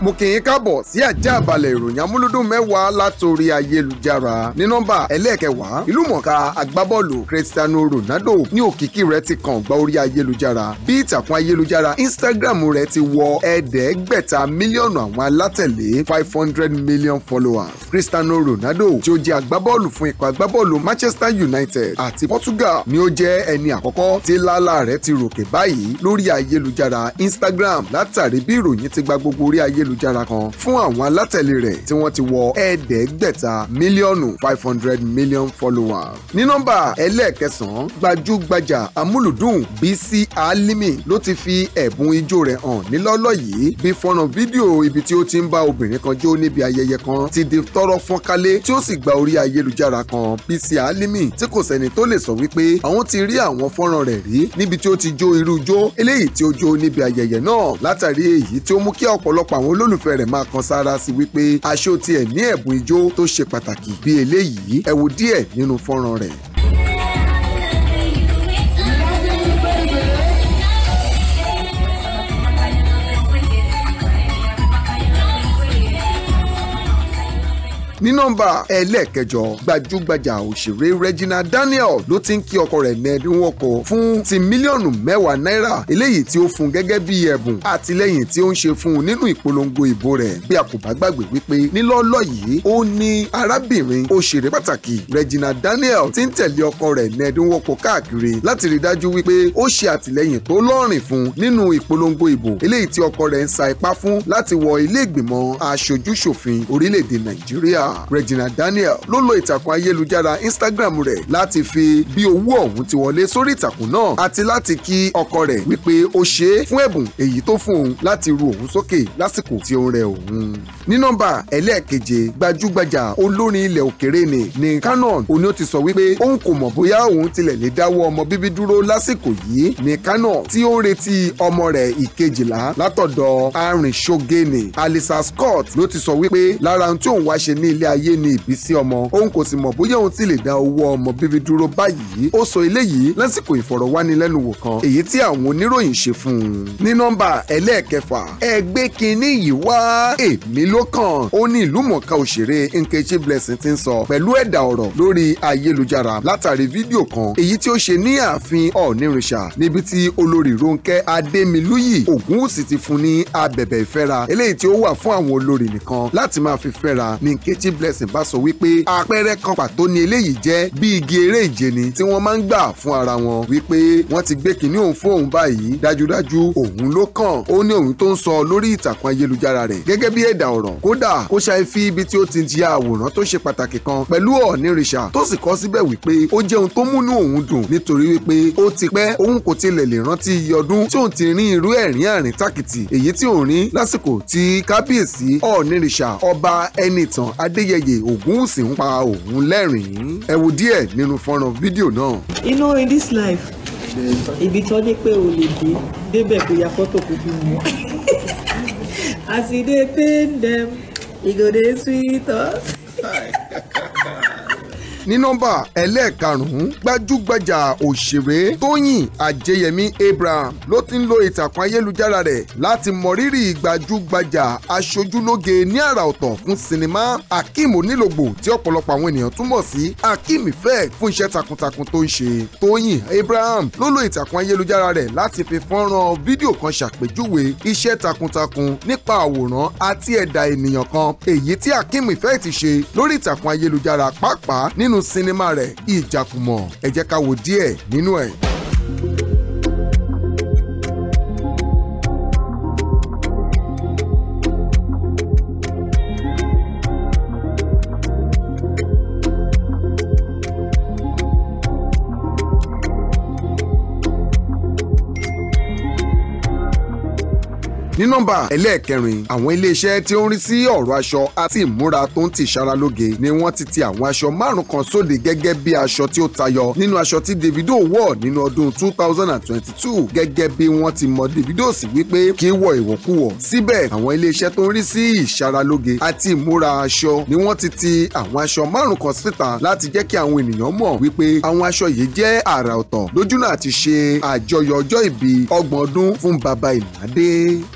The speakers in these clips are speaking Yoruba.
mo kì í káàbọ̀ sí àjà àbálẹ̀ ìròyìn amúlúdùn mẹ́wàá látòrí ayélujára ní nọ́mbà ẹlẹ́ẹ̀kẹwàá ìlúmọ̀ọ́ká agbábọ́ọ̀lù Cristiano Ronaldo ní òkìkí rẹ̀ ti kàn gba orí ayélujára bí ìtàkùn ayélujára Instagram rẹ̀ ti wọ ẹ̀ẹ́dẹ́gbẹ̀ta mílíọ̀nù àwọn alátẹ̀lé five hundred million followers Cristiano Ronaldo tí ó jẹ́ agbábọ́ọ̀lù fún ikọ̀ agbábọ́ọ̀lù Manchester United àti Portugal ni ó jẹ́ ẹni àkọ́kọ́ tí lálá rẹ̀ ti ròkè báyìí lórí ayélujára Instagram látàrí bí ìròyìn ti gba gbogbo orí ayélujára ayélujára kan fún àwọn alátẹ̀lé rẹ̀ tí wọ́n ti wọ ẹ̀ẹ́dẹ́gbẹ̀ta mílíọ̀nù five hundred million followers. ní nọ́mbà ẹlẹ́ẹ̀kẹsàn-án gbajúgbajà amúlùdùn Bísí Alimi ló ti fi ẹ̀bùn ijó rẹ̀ hàn nílọ́lọ́ yìí bí fọ́nrán fídíò ibi tí ó ti ń bá obìnrin kan jó níbi ayẹyẹ kan ti di tọ́rọ́ fọ́nkálé tí ó sì gba orí ayélujára kan Bísí Alimi tí kò sẹ́ni tó lè sọ wípé àwọn ti rí àwọn fọ́nrán rẹ̀ rí níbi tí ó ti jó irú jó eléyìí tí ó jó níbi ayẹyẹ náà látàrí èyí tí ó mú kí ọ̀pọ̀lọpọ̀ àwọn olólùfẹ́ rẹ̀ máa kan sára sí wípé aṣọ tiẹ̀ ní ẹ̀bùn ijó tó ṣe pàtàkì bí eléyìí ẹ díẹ̀ nínú fọ́nrán rẹ̀. ní nọ́mbà ẹlẹ́ẹ̀kẹjọ gbajúgbajà òṣèré Regina Daniel ló ti ń kí ọkọ rẹ̀ nẹ́ẹ̀dínwó ọkọ̀ fún ti mílíọ̀nù mẹ́wàá náírà eléyìí tí ó fún gẹ́gẹ́ bí ẹ̀bùn àtìlẹ́yìn tí ó ń ṣe fún un nínú ìpolongo ìbò rẹ̀ bí a kò bá gbàgbé wípé nílọ́lọ́ yìí ó ní arábìnrin òṣèré pàtàkì Regina Daniel ti ń tẹ̀lé ọkọ rẹ̀ nẹ́ẹ̀dínwó ọkọ̀ káàkiri láti rí dájú wípé ó ṣe àtìlẹ́yìn tó lọ́rìn fún nínú ìpolongo ìbò eléyìí tí ọkọ rẹ̀ ń sa ipá fún láti wọ ilé ìgbìmọ̀ aṣojúṣòfin orílẹ̀-èdè Nàìjíríà hàn Regina Daniel ló lo ìtàkùn ayélujára Instagram rẹ̀ láti fi bí owó ọ̀hún ti wọlé sórí ìtàkùn náà àti láti kí ọkọ rẹ̀ wípé ó ṣe é fún ẹ̀bùn èyí tó fún òun láti ru òun sókè lásìkò tí ó ń rẹ òun. ní nọ́mbà ẹlẹ́ẹ̀keje gbajúgbajà olórin ilẹ̀ òkèrè ni ni Canon òní ó ti sọ wípé òun kò mọ̀ bóyá òun tilẹ̀ lè dáwọ́ ọmọ bíbí dúró lásìkò yìí ni Canon tí ó ń retí ọmọ rẹ̀ ìkejìlá látọ̀dọ̀ arìnṣogeni Alisa Scott ló ti sọ wípé lára ohun tí òun wá ṣe ní ilé ayé ni ìbísí ọmọ òun kò sì mọ̀ bóyá òun ti lè dá owó ọmọ bíbí dúró báyìí ó sọ eléyìí lásìkò ìfọ̀rọ̀wánilẹ́nuwò kan èyí tí àwọn oníròyìn ṣe fún un ní nọ́mbà ẹlẹ́ẹ̀kẹfà ẹgbẹ́ kínní yìí wá èmi ló kàn ó ní ìlú òṣèré Nkechi Blessing ti ń sọ pẹ̀lú ẹ̀dà ọ̀rọ̀ lórí ayélujára látàrí fídíò kan èyí tí ó ṣe ní ààfin ọ̀nìrìnṣà níbi tí olórí Rónkẹ́ Adémilúyì Ògúnwùsì ti fún ní abẹ̀bẹ̀ ìfẹ́ra eléyìí tí ó wà fún àwọn olórí nìkan láti máa fi fẹ́ra ní Nkechi tí Blessing bá sọ wípé àpẹẹrẹ kan pàtó ni eléyìí jẹ́ bí igi eré ìje ni tí wọ́n máa ń gbà fún ara wọn wípé wọ́n ti gbé kinní òun fún òun báyìí dájúdájú òun ló kàn ó ní òun tó ń sọ lórí ìtàkùn ayélujára rẹ̀ gẹ́gẹ́ bí ẹ̀dà ọ̀rọ̀ kódà kó ṣàì fi ibi tí ó ti ya àwòrán tó ṣe pàtàkì kan pẹ̀lú ọ̀nìrìṣà tó sì kọ síbẹ̀ wípé ó jẹ́ ohun tó múnú òun dùn nítorí wípé ó ti pẹ́ òun kò tilẹ̀ lè rántí ọdún tí òun ti rin irú ẹ̀rín àrìn tàkìtì èyí tí òun rí lásìkò tí kábíyèsí ọ̀nìrìṣà ọba Ẹnìtàn adé adéyẹyẹ ògúnwùsì ń pa òun lẹ́rìn-ín ẹ wo díẹ̀ nínú fọ́nrán fídíò náà. you know in this life ibi tí wọ́n dé pé o lè dé débẹ̀ kó ya fọ́tò kó fi mú as e dey pain dem e go dey sweet us. ní nọ́mbà ẹlẹ́ẹ̀karùn-ún gbajúgbajà òṣèré tóyìn àjẹyẹmí abraham ló ti ń lo ìtàkùn ayélujára rẹ̀ láti mọrírì gbajúgbajà aṣojúlóge ní àrà ọ̀tọ̀ fún sinimá akeem onílògbò tí ọ̀pọ̀lọpọ̀ àwọn ènìyàn túmọ̀ sí akeem effect fún iṣẹ́ takuntakun tó ń ṣe tóyìn abraham ló lo ìtàkùn ayélujára rẹ̀ láti fi fọ́nrán fídíò kan ṣàpèjúwe iṣẹ́ takuntakun nípa àwòrán àti ẹ̀dà ènìyàn kan èyí tí akeem effect ṣe lórí ìtàkùn ayélujára pàápàá nínú nínú sinimá rẹ̀ ìjàkùmọ̀ ẹ jẹ́ ká wo díẹ̀ nínú ẹ̀. ní nọ́mbà ẹlẹ́ẹ̀kẹrin àwọn iléeṣẹ́ tí ó ń rí sí ọ̀rọ̀ aṣọ àti ìmúra tó ń tìṣaralóge ni wọ́n ti ti àwọn aṣọ márùn kan sóde gẹ́gẹ́ bí aṣọ tí ó tayọ nínú aṣọ tí Davido wọ̀ nínú ọdún 2022 gẹ́gẹ́ bí wọ́n ti mọ Davido sí wípé kì í wọ ìwọ̀kuwọ̀ síbẹ̀ àwọn iléeṣẹ́ tó ń rí sí ìṣaralóge àti ìmúra aṣọ ni wọ́n ti ti àwọn aṣọ márùn kan síta láti jẹ́ kí àwọn ènìyàn mọ̀ wípé àwọn aṣọ yìí jẹ́ àrà ọ̀tọ̀ lójúnà àti ṣe àjọyọ̀ ọjọ́ ìbí ọgbọ̀n ọdún fún baba ìnàdé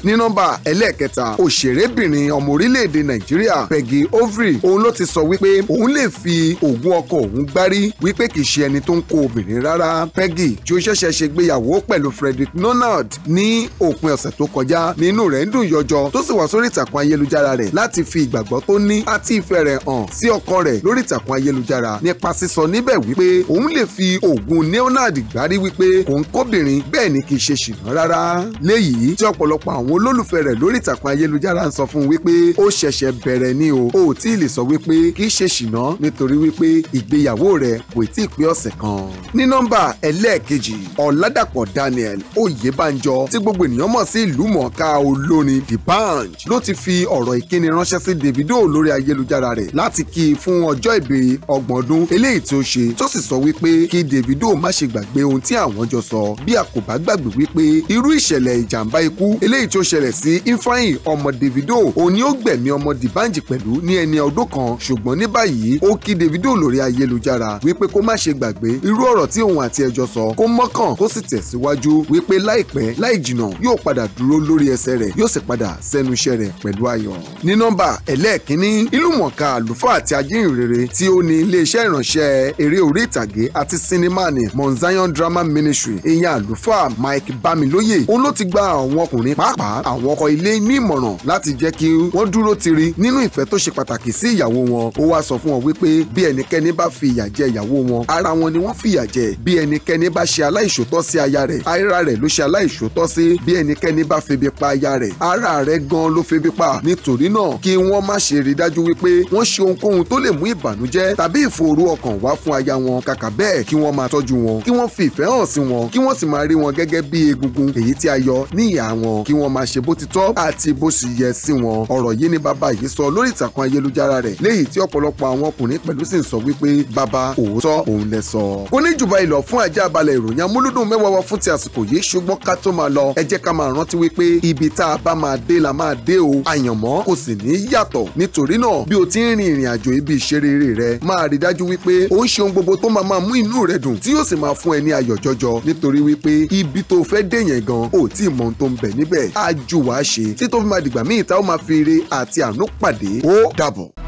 ní ní nọ́mbà ẹlẹ́ẹ̀kẹta òṣèrébìnrin ọmọ orílẹ̀-èdè nàìjíríà peggy ovry òun ló ti sọ wípé òun lè fi òògùn ọkọ òun gbárí wípé kì í ṣe ẹni tó ń kó obìnrin rárá peggy tí ó ṣẹ̀ṣẹ̀ ṣègbéyàwó pẹ̀lú frederick nonald ní òpin ọ̀sẹ̀ tó kọjá ní inú rẹ̀ ń dùn yọjọ tó sì wá sórí ìtàkùn ayélujára rẹ̀ láti fi ìgbàgbọ́ tó ní àti ìfẹ́ rẹ̀ hàn sí ọkọ rẹ̀ lórí ìtàkùn ayélujára nípa sísọ níbẹ̀ wípé òun lè fi òògùn neonard gbárí wípé kò ń kóbìnrin bẹ́ẹ̀ ni kì í ṣe ṣìnà rárá léyìí tí ọ̀pọ̀lọpọ̀ àwọn olólùfẹ́ rẹ̀ lórí ìtàkùn ayélujára ń sọ fún un wípé ó ṣẹ̀ṣẹ̀ bẹ̀rẹ̀ ni o ò tí ì lè sọ wípé kì í ṣe ṣìnà nítorí wípé ìgbéyàwó rẹ̀ kò tí ì pé ọ̀sẹ̀ kan. ní nọ́mbà ẹlẹ́ẹ̀kejì ọ̀làdàpọ̀ Daniel Oyèbánjọ tí gbogbo ènìyàn mọ̀ sí ìlú mọ̀ọ́ká olórin D'banj ló ti fi ọ̀rọ̀ ìkíni ránṣẹ́ sí Davido lórí ayélujára rẹ̀ láti kí i fún ọjọ́ ìbí ọgbọ̀n ọdún eléyìí tí ó ṣe tó sì sọ wípé kí Davido má ṣe gbàgbé ohun tí àwọn jọ sọ bí a kò bá gbàgbé wípé irú ìṣẹ̀lẹ̀ ìjàmbá ikú eléyìí tí ó ṣ ṣẹlẹ̀ sí ifeanyi ọmọ davido òun ni ó gbẹ̀mí ọmọ dìbànjì pẹ̀lú ní ẹni ọdún kan ṣùgbọ́n ní báyìí ó kí davido lórí ayélujára wípé kó má ṣe gbàgbé irú ọ̀rọ̀ tí òun àti ẹjọ́ sọ kó mọ́kàn kó sì tẹ̀síwájú wípé láìpẹ́ láì jìnà yóò padà dúró lórí ẹsẹ̀ rẹ̀ yóò sì padà sẹ́nu iṣẹ́ rẹ̀ pẹ̀lú ayọ̀. ní nọ́mbà ẹlẹ́ẹ̀kínní ìlúmọ̀ọ́ká àlùfáà àti ajínrere tí ó ní iléeṣẹ́ ìránṣẹ́ eré orí ìtàgé àti sinimá ní Mount Zion Drama Ministry ìyẹn àlùfáà Mike Bamilóyè òun ló ti gba àwọn ọkùnrin pàápàá àwọn ọkọ ilé ní ìmọ̀ràn láti jẹ́ kí wọ́n dúró tiri nínú ìfẹ́ tó ṣe pàtàkì sí ìyàwó wọn ó wá sọ fún wọn wípé bí ẹnikẹ́ni bá fi ìyà jẹ ìyàwó wọn ara wọn ni wọ́n fìyà jẹ bí ẹnikẹ́ni bá ṣe aláìṣòótọ́ sí aya rẹ̀ ara rẹ̀ ló ṣe aláìṣòótọ́ sí bí ẹnikẹ́ni bá febi pa aya rẹ̀ ara rẹ̀ gan ló febi pa nítorí náà kí wọ́n má ṣe rí dájú wípé wọ́n ṣe ohunkóhun tó lè mú ìbànújẹ́ tàbí ìfòòró ọkàn wá fún aya wọn kàkà bẹ́ẹ̀ kí wọ́n máa tọ́jú wọn kí wọ́n fi ìfẹ́ hàn sí wọn kí wọ́n sì máa rí wọn gẹ́gẹ́ bí egungun èyí tí a yọ ní ìhà wọn kí wọ́n máa ṣ ṣe bó ti tọ́ àti bó ṣe yẹ sí wọn ọ̀rọ̀ yìí ni bàbá yìí sọ lórí ìtàkùn ayélujára rẹ̀ léyìí tí ọ̀pọ̀lọpọ̀ àwọn ọkùnrin pẹ̀lú sì ń sọ wípé bàbá òótọ́ òun lẹ sọ. kò ní jùbà ìlọ fún ajá balẹ̀ ìròyìn amúlùdùn mẹ́wàá fún ti àsìkò yìí ṣùgbọ́n ká tó máa lọ ẹ jẹ́ ká máa rántí wípé ibi tá a bá máa dé la máa dé o àyànmọ́ kò sì ní yàtọ̀ nítorí náà bí o ti ń rin ìrìn àjò ibi ìṣerere rẹ máa rí dájú wípé o ń ṣe ohun gbogbo tó máa máa mú inú rẹ dùn tí yóò sì máa fún ẹ ní ayọ̀ jọjọ nítorí wípé ibi tó fẹ́ dèyàn gan ò tí ì mọ ohun tó ń bẹ níbẹ̀ àj jù wá ṣe títí tó fi máa dìgbà míì tá ó máa fi ire àti àánú pàdé ó dàbọ̀.